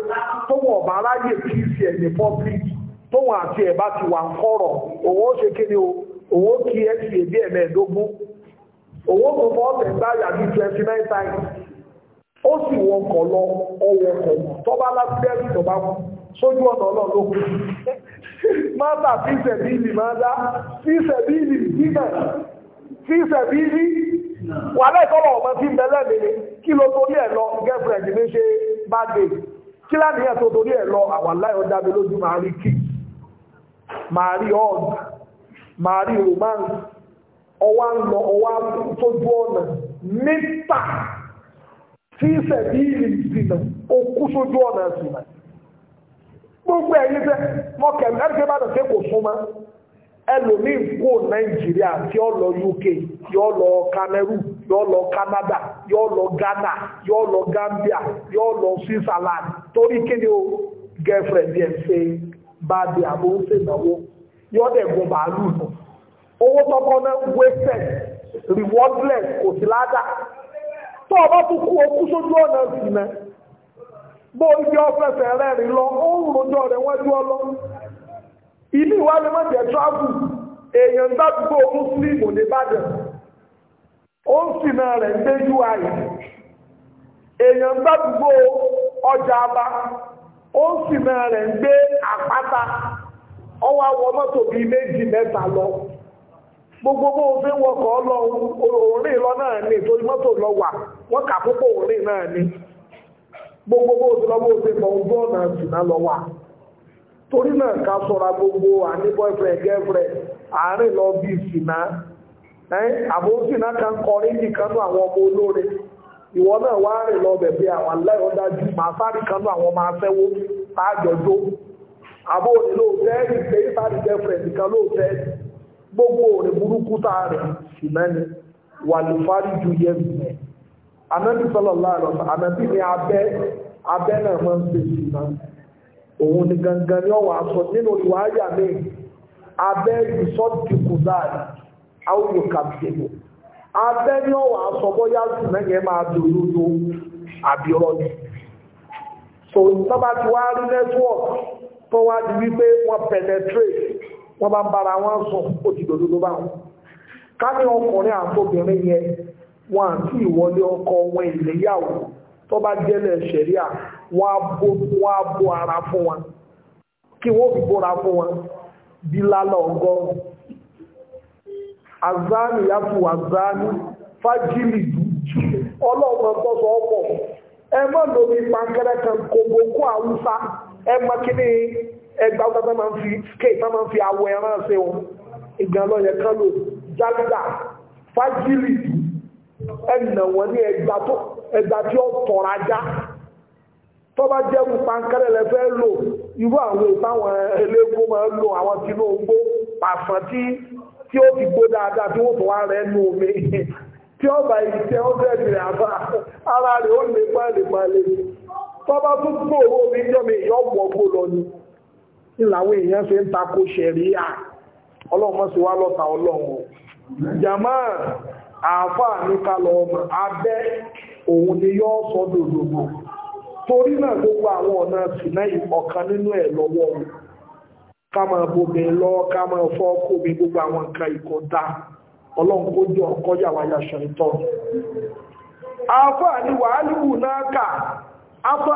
tóun ọ̀bà aráyè kì í ṣe ẹ̀yìn public ati àti ẹ̀bá ti wà ń kọ̀rọ̀ òun ó ṣe o òun ó kí ó sì wọ ọkọ̀ lọ ọwọ́ ọkọ̀ tọ́ba lábẹ́rì tọ́ba kú sójú ọ̀nà ọlọ́run máa bà fi sẹ̀bíìlì máa dá fi sẹ̀bíìlì dínà fi sẹ̀bíìlì wà lẹ́ẹ̀kọ́lọ̀ ọmọ tí ń bẹ lẹ́mìí kí ló torí ẹ̀ lọ girlfriend mi ṣe bá dé kí láníyàn tó torí ẹ̀ lọ àwọn aláyọ̀ dábẹ́ lójú máa rí kí máa rí tí sẹ̀bí ìrìnà okú sójú ọ̀nà ìsìnà gbogbo ẹ̀yí tẹ́ mọ́kẹ̀lú ẹ̀rẹ́gbẹ́ bá dàtẹ́ kò súnmọ́ ẹlòmí kó nàìjíríà tí ó lọ UK yó lọ Cameroon yó lọ Canada yó lọ Ghana yó lọ Gambia yó lọ Switzerland torí kíni o girlfriend yẹn ṣe bá di àbó ń ṣèdánwó yó dẹ̀ gun bàálù owó tọkọ náà wasted rewardless kò sí ládàá tó ọba bá tún kú okú sójú ọ̀nà ìsìnà bó o lọ ó ń rojọ́ rẹ̀ wọ́n jú ọlọ́ ìlú ìwà lè má jẹ́ tíráàbù èèyàn gbàdúgbò ìbò nìbàdàn ó ń rẹ̀ ń lọ gbogbo bó o fẹ́ wọkọ̀ ọ lọ òórìn lọ náà ní wọ́n kà púpọ̀ òrè náà ni gbogbo bó lọ́wọ́ ojú ọ̀nà ìsìnà lọ wà torí náà ká sọ́ra gbogbo àní boyfriend girlfriend àárín lọ bí ìsìnà àbò ìsìnà kan náà àwọn ọmọ olóore ìwọ náà wá rìn lọ àwọn àwọn ọmọ afẹ́wó àbò òní lóòtẹ́ẹ̀lì anabi sallallahu alaihi wasallam anabi ni abẹ́ abẹ́ náà máa ń ṣe ìsìnà òun ni gangan ni ọwọ́ aṣọ nínú ìwáyà mi abẹ́ ìsọdìkù dáàdì àwòrán kàbíyèmọ abẹ́ ni ọwọ́ aṣọ bóyá ìsìnà yẹn máa dòdò tó àbí ọlọ́dì so tọ́ba ti wá rí network tó wá di wípé wọ́n penetrate wọ́n bá ń bára wọn sùn ó ti dòdò tó bá wọn ká ní ọkùnrin àtòbìnrin yẹn wọn àti ìwọlé ọkọ wọn ìléyàwó tó bá jẹ́lẹ̀ ṣẹ̀ríà wọ́n á bó ara fún wọn kí wọ́n fi bóra fún wọn bí lálọ́ ọgọ́rùn azani yàtò azani fájìlì ọlọ́run tó sọ ọ̀pọ̀ ẹ má lómi pankẹ́rẹ́ kan kòbókó àwùsá ẹ má kíní ẹgbà ọ̀gá máa ń fi skate máa ń fi awọ ẹran ṣe wọn ìgbà kan lò jálídà fájìlì dùn ẹnà wọn ní ẹgbà tí ó tọ̀rọ̀ ajá tó bá jẹ́rù pankẹ́rẹ́ lẹ fẹ́ lò irú àwọn ìtàwọn eléko máa ń lo àwọn tinú ogbó pàṣán tí tí ó ti gbó dáadáa tí wọ́n tún wá rẹ̀ nù omi tí ó bá yìí tẹ́ ó bẹ̀rẹ̀ rẹ̀ àbá ara rẹ̀ ó lè má lè má lè tó bá tún gbòòrò omi jọ́mi ìyọ́gbọ̀ gbò lọ ni ìlàwọ̀ èèyàn ṣe ń takò ṣẹ̀ríà ọlọ́run mọ́ sí wá lọ́ta ọlọ́run jàmáà àáfàá ní kálọ̀ ọmọ abẹ́ òun ni yọ́ sọ dòdòdò torí náà gbogbo àwọn ọ̀nà tìǹà ọ̀kan nínú ẹ̀ lọ́wọ́ o ká máa lọ ká máa mi gbogbo àwọn nǹkan ìkọ̀dá ọlọ́run náà afọ́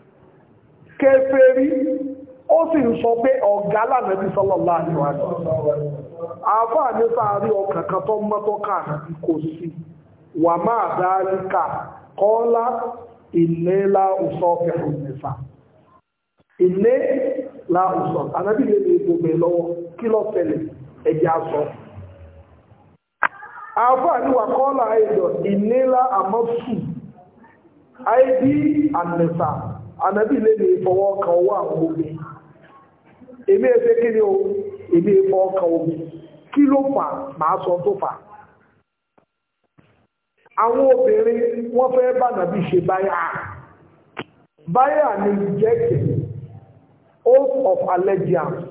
kèfèrí ó sì ń sọ pé ọ̀gá lànàbí sọ́lọ́lá àríwájú àfáà ní sáàrí ọkàn kan tó mọ́tọ́ káàkiri kò sí wà máa dáríkà kọ́lá ìléla òsọ́fẹ́ òmìnira ilé láàrùsọ̀ anábìlẹ̀ lè gbogbo lọ́wọ́ kí lọ tẹ̀lẹ̀ ẹ̀jẹ̀ aṣọ àáfàá ní ànábì lè ní ìfọwọ́ owó àwọn omi èmi ẹsẹ kí ni o èmi ìfọwọ́ kan omi kí ló fà máa sọ tó fà àwọn obìnrin wọ́n fẹ́ bá ànábì ṣe báyà báyà ni jẹ́kẹ̀ oath of allegiance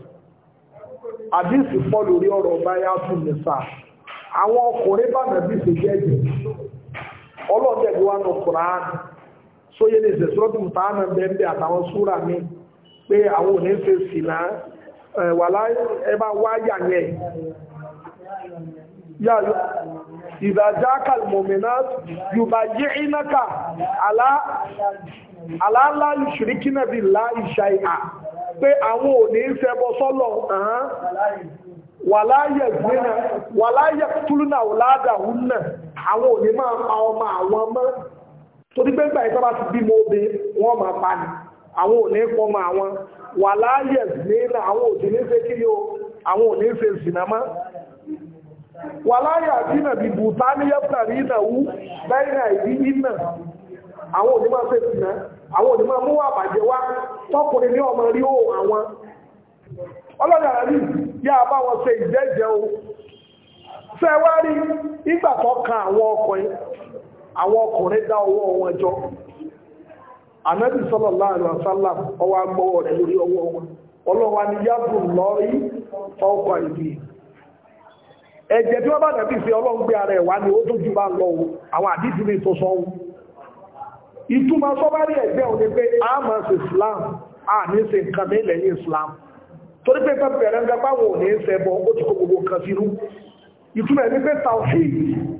àdìsí pọ̀ lórí ọ̀rọ̀ báyà tún nìsa àwọn ọkùnrin bá ànábì ṣe jẹ́jẹ́ ọlọ́dẹ̀dẹ̀ wa kùránù. sóyè lè ṣe sọ́tù mùtáàmà bẹ́ẹ̀ àtàwọn súra mi pé àwọn òní ṣe sì náà wà láẹ́bá wáyà yẹn ìdájáka mọ̀mìnà yùbá yí ìnáka aláàlá ìṣìríkínà bí láìṣà ìhà pé àwọn òní ṣẹbọ sọ́lọ̀ wà láyẹ̀ túlùnà ọ̀làdà hùn náà àwọn òní máa pa ọmọ àwọn mọ́ torí pé gbà ìsọ́bà ti bímọ obe wọ́n máa pa ni àwọn ò ní pọmọ àwọn wà láàyè nínú àwọn òsì ní ṣe kí yóò àwọn ò ní ṣe ìsìnà mọ́ wà láàyè àdínà bí bùtá ní yẹ́pùtà ní ìnà wú bẹ́ẹ̀nà ìdí ìnà àwọn òní máa ṣe ìsìnà àwọn òní máa mú wà bàjẹ́ wá tọkùnrin ní ọmọ rí ó àwọn ọlọ́dà rẹ̀ yá bá wọn ṣe ìjẹ́jẹ́ o fẹ́ wá rí ìgbà tó kan àwọn ọkùnrin dá ọwọ́ ọwọ́ jọ anábì ọwọ́ agbọ́wọ́ rẹ̀ lórí ọwọ́ wọn ọlọ́wà ni yàbù lọ́rí ọkọ̀ ìdí tí wọ́n bá ara ẹ̀wà ni ó tó bá lọ àwọn àdíjì tó sọ́wọ́ ìtumọ̀ sọ́bárí ẹ̀jẹ̀ òní pé Islam a ní ṣe nǹkan ní lẹ́yìn Islam torí pé ń ní ó ti gbogbo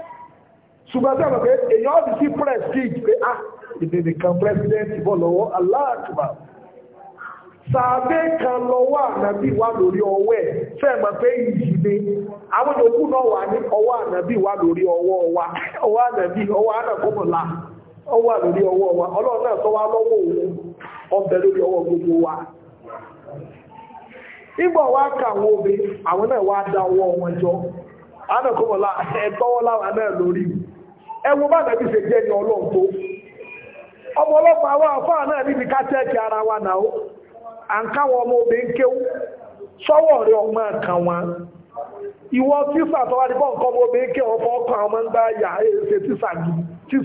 ṣùgbọ́n sábà pé èèyàn ti sí prestige ah ìdèdè kan president bọ̀ lọ́wọ́ aláàtùmá sàbẹ kan lọ́wọ́ ànábì wà lórí ọwọ́ ẹ̀ fẹ́ẹ̀ pé ìyí ni àwọn yòókù náà wà ní ọwọ́ ànábì wà lórí ọwọ́ wa ọwọ́ ànábì ọwọ́ ànàkọ́mọ̀lá ọwọ́ lórí ọwọ́ wa ọlọ́run náà lọ́wọ́ òun ọbẹ̀ lórí ọwọ́ gbogbo wa ìgbọ̀ kà obì àwọn náà wá dá ọwọ́ wọn jọ ànàkọ́mọ̀lá ẹwọ bá dàbí ṣe jẹ́ ní ọlọ́run tó ọmọ ọlọ́pàá wà fáà náà níbi ká tẹ́ẹ̀kì ara wa náà à ń káwọn ọmọ obìnrin kéwú sọ́wọ́ rẹ ọmọ kan wọn ìwọ tíṣà tó wá ní nǹkan ọmọ obìnrin kéwọ́ fọ́ ọkọ̀ àwọn ọmọ ń gbá yà á ṣe ọ kí ọ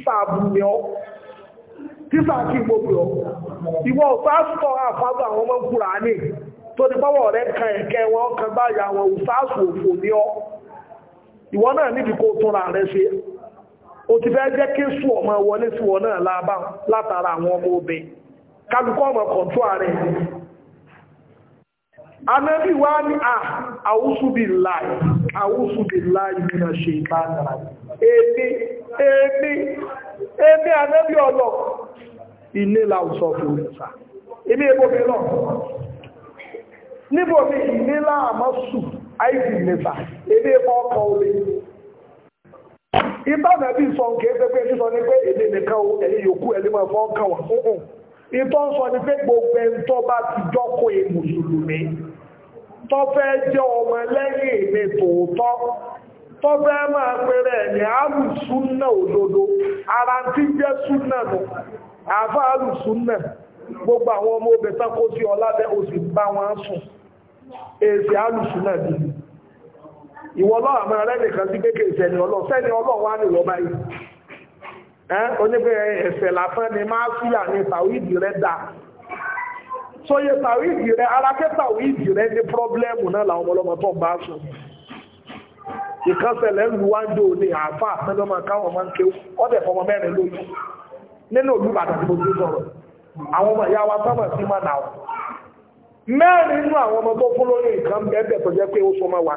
ìwọ ọ ìwọ náà níbi kó rẹ o ti fẹ́ jẹ́ kí sùn ọmọ wọlé sí wọn náà lábá látara àwọn ọmọ obìn kálukọ́ ọmọ kọ̀tún ààrẹ anábì wá ní à àwúsùbìláì àwúsùbìláì nínú ṣe ìbára èmi èmi èmi anábì ọlọ ilé làwùsọ fún ìsà ìbáná bí sọ nǹkan pẹ́pẹ́ ní sọ ní pé èdè nìkan o ẹ̀yìn yòókù ẹ̀lẹ́ máa fọ́ kàn wá fún un ìtọ́ sọ ní pé gbogbo ẹni tó bá ti jọ́kọ̀ èmùsùlùmí tó fẹ́ jẹ́ ọmọ lẹ́yìn èmi tòótọ́ tó fẹ́ máa pẹ̀rẹ̀ ní alùsúnnà òdodo ara tí jẹ́ súnnà nù àfá alùsúnnà gbogbo àwọn ọmọ obìnrin tán kó sí ọlábẹ́ òsì bá wọn sùn èsì alùsúnnà bíi ìwọ lọ́wọ́ àmọ́ ẹlẹ́nìkan sí kéèké ìṣẹ̀ni ọlọ́run sẹ́ni ọlọ́run wá nílò báyìí ẹ́ onígbé ẹ̀sẹ̀ lásán ni máa fíyà ni tàwíìdì rẹ̀ dà sóye tàwíìdì rẹ̀ alákẹ́ tàwíìdì rẹ̀ ní pírọ́blẹ́mù náà làwọn ọmọlọ́mọ tó ń bá sọ ìkànsẹ̀lẹ̀ ń lu wáńdò ní àáfà àtẹ́lọ́mọ káwọn máa ń ké ọdẹ fọmọ mẹ́rin lóyún nínú òlú bàtàkì mo ti sọ̀rọ̀ àwọn ọmọ ìyá wa sábà sí máa nà wọn mẹ́rin nínú àwọn ọmọ tó fún lóyún ìkànnì ẹ̀ẹ́dẹ̀ tó jẹ́ pé ó sọmọ wa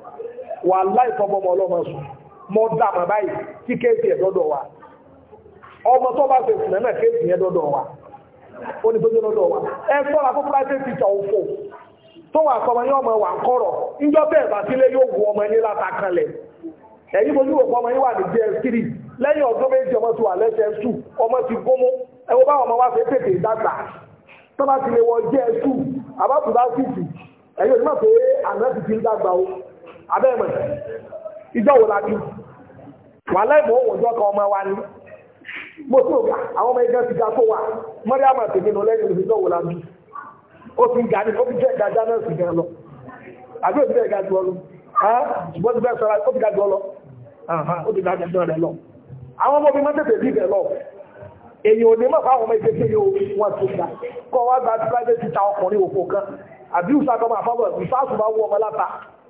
wà láì fọ́bọ́mọ ọlọ́mọ sùn mọ́ dàmà báyìí tí kéèsì ẹ̀ dọ́dọ̀ wa ọmọ tó bá ṣe sùn náà kéèsì yẹn dọ́dọ̀ wa ó ní tó jẹ́ dọ́dọ̀ wa ẹ sọ́ra fún private teacher òfò tó wà sọmọ ní ọmọ wà ń kọ̀rọ̀ níjọ́ bẹ́ẹ̀ bá sílé yóò wu ọmọ yín láta kanlẹ̀ ẹ̀yìn mo ní òkú ọmọ yín wà ní js3 lẹ́yìn ọdún méjì ọmọ ti wà lẹ́sẹ̀ sù ọmọ ti gómó ẹwọ báwọn ọmọ wa fẹ́ tètè ìdágbà tó bá ti lè wọ js2 àbábùdá sì sì ẹ̀yìn onímọ̀ pé àná ti ti ń dàgbà o abẹ́ẹ̀mọ̀ ìjọ wò lábí wà lẹ́mọ̀ òwòjọ́ kan ọmọ wa ní mo tó ga àwọn ọmọ ẹgbẹ́ ti ga tó wà mọ́rí àmà tèmi nù lẹ́yìn ìjọ wò lábí ó ti ga ní ó fi jẹ́ ìdájá náà sì gan lọ àbí ó ti jẹ́ ìdájá lọ ṣùgbọ́n ti bẹ́ẹ̀ sọ́ra ó ti ga jọ lọ ó ti ga jọ rẹ̀ lọ àwọn ọmọ mi máa tètè bí bẹ̀ lọ èyí ò ní mọ̀ fáwọn ọmọ ìgbésẹ̀ yóò wọ́n tó ga kọ́ wá gba private tuta ọkùnrin òfò kan àbí ìsàtọ́mọ̀ àfọ́bọ̀ ìfásùnmọ̀ wọ ọmọ láta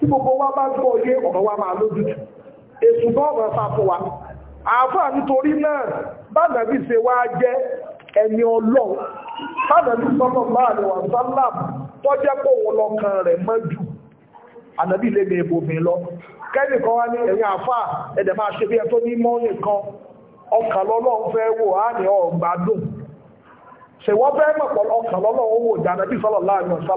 tí gbogbo wa bá gbọ́ yé ọ̀rọ̀ wa máa lójútù èsù bá ọ̀rọ̀ ta fún wa àáfà nítorí náà bánàbí ṣe wá jẹ́ ẹni ọlọ́run bánàbí sọ́nà láàrin wa sálàm tó jẹ́ pé òun lọ́kàn rẹ̀ mọ́ jù ànàbí lè mẹ́ ibòmí lọ kẹ́nìkan wá ní ẹ̀yìn àáfà ẹ̀dẹ̀ máa ṣe bí ẹ tó ní mọ́ nìkan láàrin wa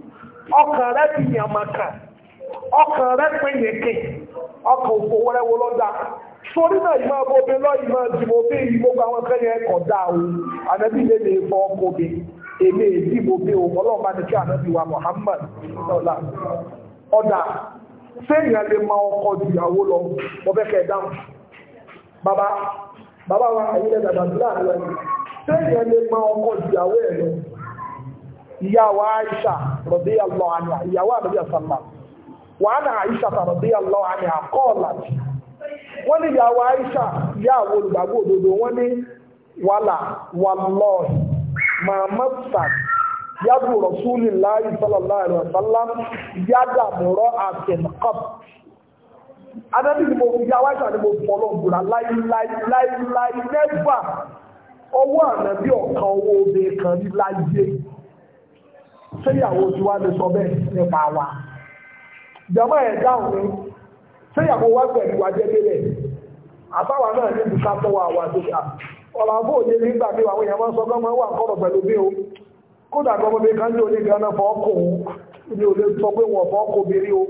ọkàn rẹ ti yàn màkà ọkàn rẹ pé yèké ọkàn òfò wẹrẹwò lọ́dà sórí náà ìmọ̀ ọbọ̀bẹ lọ ìmọ̀ ìdìbò bí ìmọ̀gbà wọn kẹ́yìn ẹ̀kọ́ dá o ànábì lè lè fọ ọkọ̀ mi èmi ìdìbò bí o ọlọ́ọ̀bá ni kí ànábì wa Muhammad ọ̀la ọ̀dà séèyàn lè ma ọkọ̀ ìyàwó lọ mo fẹ́ kẹ́ ẹ̀ dáhùn bàbá bàbá wa ẹ̀yìn ẹ̀ dàgbà sílẹ̀ àríwá séèyàn lè ma ọkọ̀ ìyàwó ẹ̀ lọ ìyàwó Aisha radiyallahu anha ìyàwó àdàbí àsàlá wàá nà Aisha radiyallahu anha àkọọ̀lá wọ́n ni ìyàwó Aisha ìyàwó olùgbàgbọ́ òdodo wọ́n ní wàlà wàlọ́ọ̀hì muhammad sad yàgò rasulillahi ọ̀kan owó obìnrin kan ní láyé ṣéyàwó tí wá lè sọ bẹ́ẹ̀ nípa wa jọmọ́ ẹ̀ dáhùn ní ṣéyàwó wá pẹ̀lú wa jẹ́ délẹ̀ àbáwa náà ní bùkátọ́ wa wà tó ṣá ọ̀rọ̀ àbó òde nígbà tí àwọn èèyàn máa ń sọ gbọ́n máa wà kọ́rọ̀ pẹ̀lú bí o kódà gbọ́n mi kan jò ní gánà fọ́ọ̀kù ní ò lè sọ pé wọ́n fọ́ọ̀kù o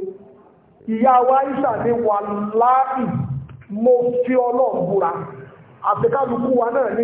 ìyá wa ìṣà ní wà láì mo fi ọlọ́ọ̀bùra àti kálukú wa náà ní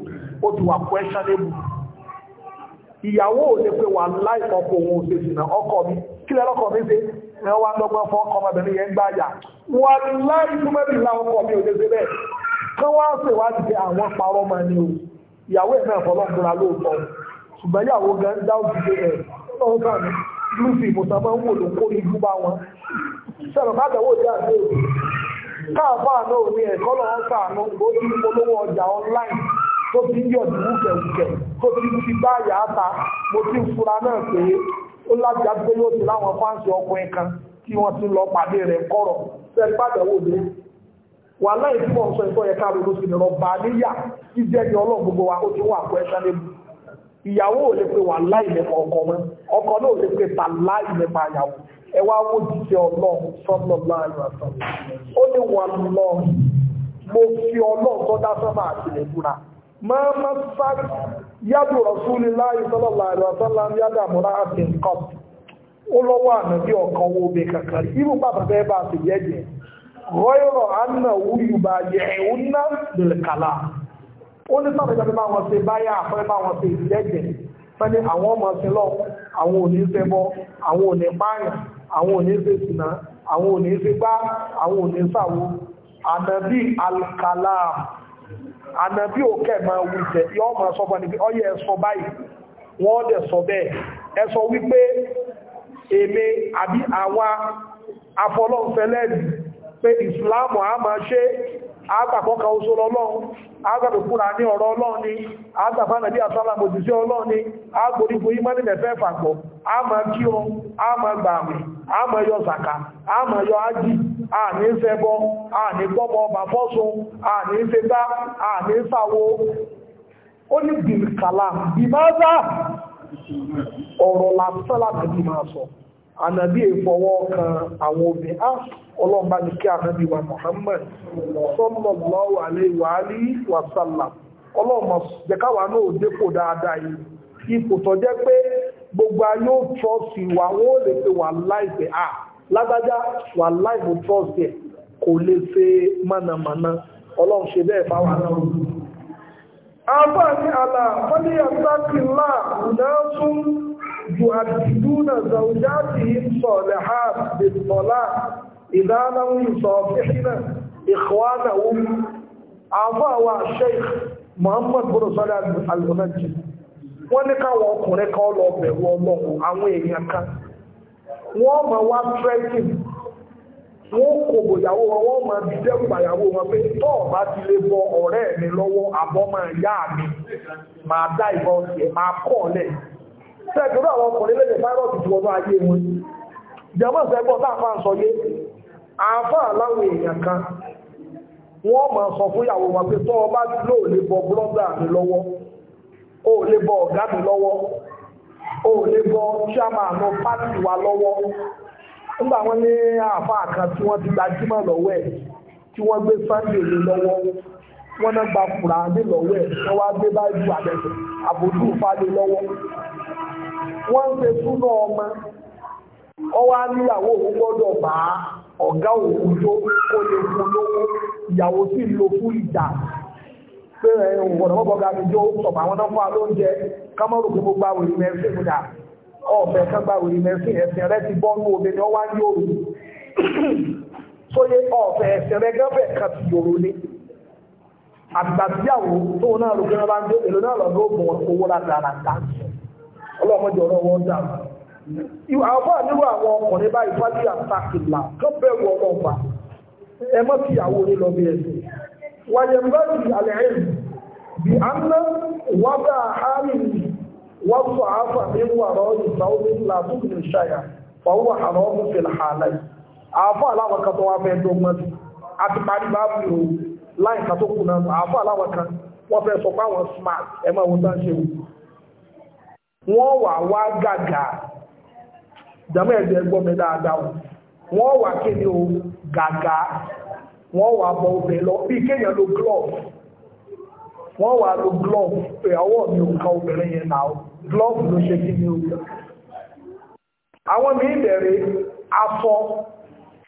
ó ti wà questionable ìyàwó ò lè pe wà láì ọkọ òun ò ọkọ mi kí lẹ mi ṣe ẹ wá lọ́gbọ́n fún ọkọ ọmọbìnrin yẹn gbá yà wà láì ọkọ mi ò lè bẹ́ẹ̀ kí wọ́n á àwọn parọ́ o ìyàwó ẹ̀ náà lóòótọ́ ṣùgbọ́n ìyàwó gan ẹ̀ ìmùsàn máa ń wò ló kó bá wọn àti káàfáà náà ní ẹ̀kọ́ lọ́wọ́ tó ti ń yọ̀ ní wùkẹ̀wùkẹ̀ tó ti ń fi báyà áta mo ti ń fura náà pé ó lájà pé yóò ti láwọn fáǹsì ọkùnrin kan tí wọ́n ti lọ pàdé rẹ̀ kọ̀rọ̀ sẹ́ni pàdánwò lé wà láì tí mò sọ ìtọ́ yẹ ká bá níyà ní wa ó ti wà pẹ́ ìyàwó ò lè pe wà ọkọ mọ́ ọkọ náà ò lè pe láì àyàwó ẹ wá wó jíjẹ ọlọ́run ما مست يد رسول الله صلى الله عليه وسلم يد امرأة قط olówó ànàbí ọ̀kan owó obe kankan irú bàbá bẹ́ẹ̀ bá ti yẹ jẹ rọ́ìrọ̀ àná wúyùbá yẹ ẹ̀hún náà lè kàlà ó ní sábà ìjọba bá wọn ṣe báyà àpẹẹrẹ bá wọn ṣe ìjẹ́jẹ́ fẹ́ni àwọn ọmọ sí lọ àwọn ò ní ṣe bọ àwọn ò ní pààyàn àwọn ò ní ṣe sìnà àwọn ò ní ṣe gbá àwọn ò ní ṣàwọ ànàbí ànàbí òkè máa wùjẹ yọ ọmọ sọ́bọ̀ níbi ọyẹ ẹ̀sọ báyìí wọ́n dẹ̀ sọ bẹ́ẹ̀ ẹ̀sọ wípé èmi àbí àwa afọlọ́nfẹ́lẹ́lì pé ìsìláàmù a máa ṣe agbàkọ́kà oṣù ní ọlọ́run ni àní ṣẹbọ àní pọ́mọ ọba fọ́sùn àní ṣẹgbá àní ṣàwo ó ní bìlkàlà bìmáza ọ̀rọ̀ lásánlá nàbí máa sọ ànàbí ìfọwọ́ kan àwọn obì á ọlọ́mbà ní kí ànàbí wa Muhammad sallallahu alaihi wa lágbájá wà láìmú trust ẹ̀ kò lè ṣe mànàmáná ọlọ́run ṣe bẹ́ẹ̀ fáwọn náà àbá ní àlà fọ́lé àtàkìlá ìdásún ju àdìdúnà zàújáàtì ìsọ̀lẹ̀ ha bèbọ̀lá ìdánáwó ìsọ̀fẹ́hìnà ìkwánàwó àbá wa sheikh muhammad bin sọ́lẹ̀ al-munajjid wọ́n ní káwọn ọkùnrin kan lọ bẹ̀rù ọlọ́run àwọn èèyàn kan wọ́n máa wá trekking wọ́n kò bòyàwó wọn wọ́n máa bí dẹ́rù bàyàwó wọn pé tọ́ ọ̀bá ti lè bọ ọ̀rẹ́ mi lọ́wọ́ àbọ́ máa yá mi máa dá ìbọn tiẹ̀ máa kọ̀ lẹ̀ sẹ́ẹ̀dúró àwọn ọkùnrin lè lè fáírọ̀tì tí wọ́n ayé wọn jẹ́mọ́ sẹ́gbọ́n táàfà ń sọ yé àáfàá láwọn èèyàn kan wọ́n máa sọ fún ìyàwó wọn pé tọ́ ọba lóò lè bọ bọ́dà mi lọ́wọ́ o lè bọ chairman pátì wa lọ́wọ́ nígbà wọn ní àfáà kan tí wọ́n ti gbajúmọ̀ lọ́wọ́ ẹ̀ tí wọ́n gbé sunday lé lọ́wọ́ wọn náà gba kura ní ẹ̀ wọ́n wá gbé báyìí àbẹ̀tẹ̀ ń ọmọ òun òun tó kó lè fún lówó ìyàwó sì lò fún ìjà pé ẹ̀yìn ọ̀nà wọ́n bọ̀gá mi jó sọ̀pọ̀ àwọn náà fún alóúnjẹ kámọ́rù pé mo gba wèrè mẹ́sìn múdà ọ̀fẹ́ kan gba wèrè mẹ́sìn ẹ̀sìn rẹ ti bọ́nú obìnrin ọwá ní òru sóyé ọ̀fẹ́ ẹ̀sìn rẹ gẹ́fẹ̀ kan ti yòrò ní àgbàtíyàwó tó náà rò pé wọ́n bá ń dé èlò náà lọ ní òògùn owó ládàra dáńsì ọlọ́mọdé ọ̀rọ̀ wọn dà àwọn àníwò àwọn ọkùnrin báyìí fájú àtàkìlà tó bẹ̀rù ọlọ́pàá ẹ mọ́ tíyàwó ní lọ bí ẹ̀sìn wàyẹ̀ mbẹ́rù àlẹ́ ẹ̀yìn أن وضع حال وضعف من وراء ثوب لا تغني شيئا فهو حرام في الحالين àáfà aláwọ̀ kan tó wá fẹ́ dọ́gbọ́n sí àti parí báàbù o láì kan tó smart ẹ máa wo tán ṣe o wọ́n wà wá gàgà jàmọ́ ẹ̀jẹ̀ gbọ́ mi dáadáa o wọ́n wọ́n wà ló glove ọwọ́ mi ò obìnrin yẹn náà glove ló ṣe kí ni o. àwọn mi bẹ̀rẹ̀ aṣọ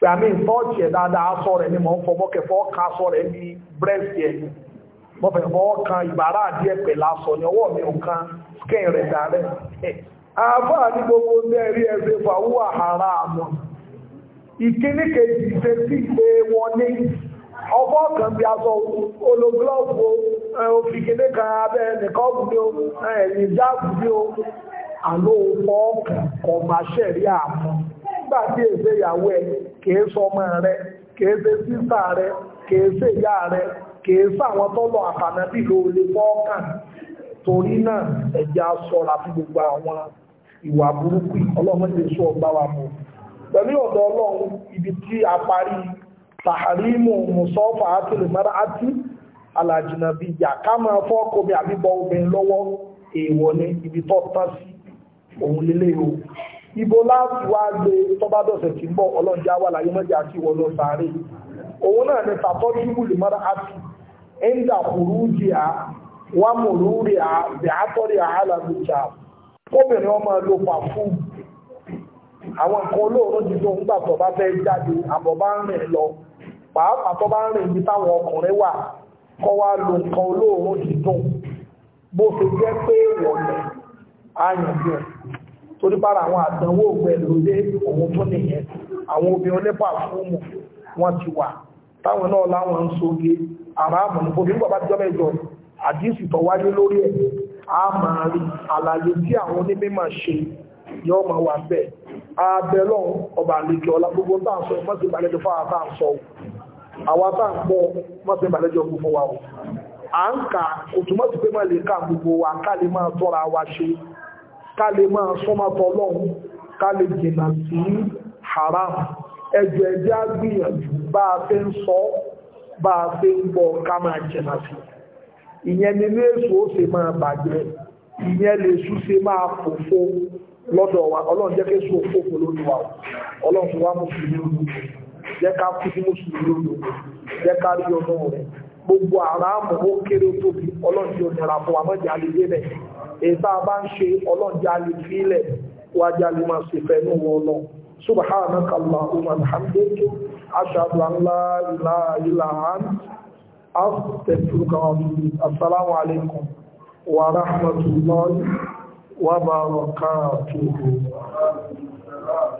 sàmì ìfọ́ọ̀tì ẹ̀ dáadáa aṣọ rẹ̀ ni mò ń fọwọ́ kẹfọ́ ka aṣọ rẹ̀ ní breast yẹn mo fẹ́ kan ìbára pẹ̀lú aṣọ ni ọwọ́ mi ò kan skin rẹ̀ gbogbo ọ̀fọ́ kan bí aṣọ ológlọ́ọ̀fù òfin kéde kan abẹ́ nìkan bí o ẹ̀yìn jáàbù bí o àlọ́ ọ̀fọ́ kan kọ̀ máa ṣẹ̀rí ka nígbà tí èsè ìyàwó ẹ̀ kìí sọmọ rẹ̀ kìí ka sísà rẹ̀ kìí ṣe ìyá rẹ̀ kìí ṣàwọn tọ́lọ̀ gbogbo ibi tí a tàhárímù mùsọ́fà àtìlùmọ́ra àti alàjìnàbí ìyà ká máa fọ́ ọkùnrin àbíbọ̀ obìnrin lọ́wọ́ èèwọ̀ ní ibi tó tán sí òun o ibo láti wá gbé tọ́bádọ̀sẹ̀ tí ń bọ̀ ọlọ́njẹ́ awàlàyé mọ́jà sí ìwọ lọ òun náà ni tàtọ́jú mara àti ẹ̀ńdà à à ọmọ ló pa fún àwọn nǹkan olóòórùn ń gbà bá fẹ́ jáde àbọ̀bá pàápàá tó bá ń rìn ibi táwọn ọkùnrin wà kọ́ wá lo nǹkan olóòórùn dídùn bó ṣe jẹ́ pé wọ̀lẹ̀ àyànjú ẹ̀ torí bára àwọn àdánwò pẹ̀lú lé òun tó nìyẹn àwọn obìnrin onípa fúnmù wọn ti wà táwọn náà láwọn ń soge àràmù ní obìnrin bàbá jọ mẹ́jọ àdísì tó wáyé lórí ẹ̀ a máa rí àlàyé tí àwọn onímọ̀ ṣe yọ ọmọ wà bẹ́ẹ̀ abẹ́lọ́run ọba àlejò ọlá gbogbo tá à ń sọ ìmọ̀sí ìbàlẹ́jọ fáwọn tá à ń sọ àwa tá ń pọ̀ mọ́sẹ̀ ìbàlẹ́jọ́ kú fún wa o à ń kà kò túmọ̀ sí pé má lè ka gbogbo wa ká lè máa tọ́ra wa ṣe ká lè máa sọ́mọ́tọ́ ọlọ́run ká lè jìnà sí haram ẹjọ́ ẹjẹ́ àgbìyànjú bá a fẹ́ ń sọ bá a fẹ́ ń bọ̀ ká máa jìnà sí ìyẹn ni ní èso ó ṣe máa bàjẹ́ ìyẹn lè ṣúṣe máa fòfo lọ́dọ̀ wa ọlọ́run jẹ́ kéṣù òfófó lórí wa ọlọ́run tó wá mú sí ní olùkọ́ jẹ́ ká kú sí mùsùlùmí lódò jẹ́ ká rí ọdún rẹ̀ gbogbo àràmù ó kéré tóbi ọlọ́ọ̀dì òdìrà fún àmọ́jà lè dé bẹ̀ ètò àbá ń ṣe ọlọ́ọ̀dì alè fílẹ̀ wájà lè máa ṣe fẹ́ nù wọn lọ subhanaka allahumma alhamdulilayi ashhadu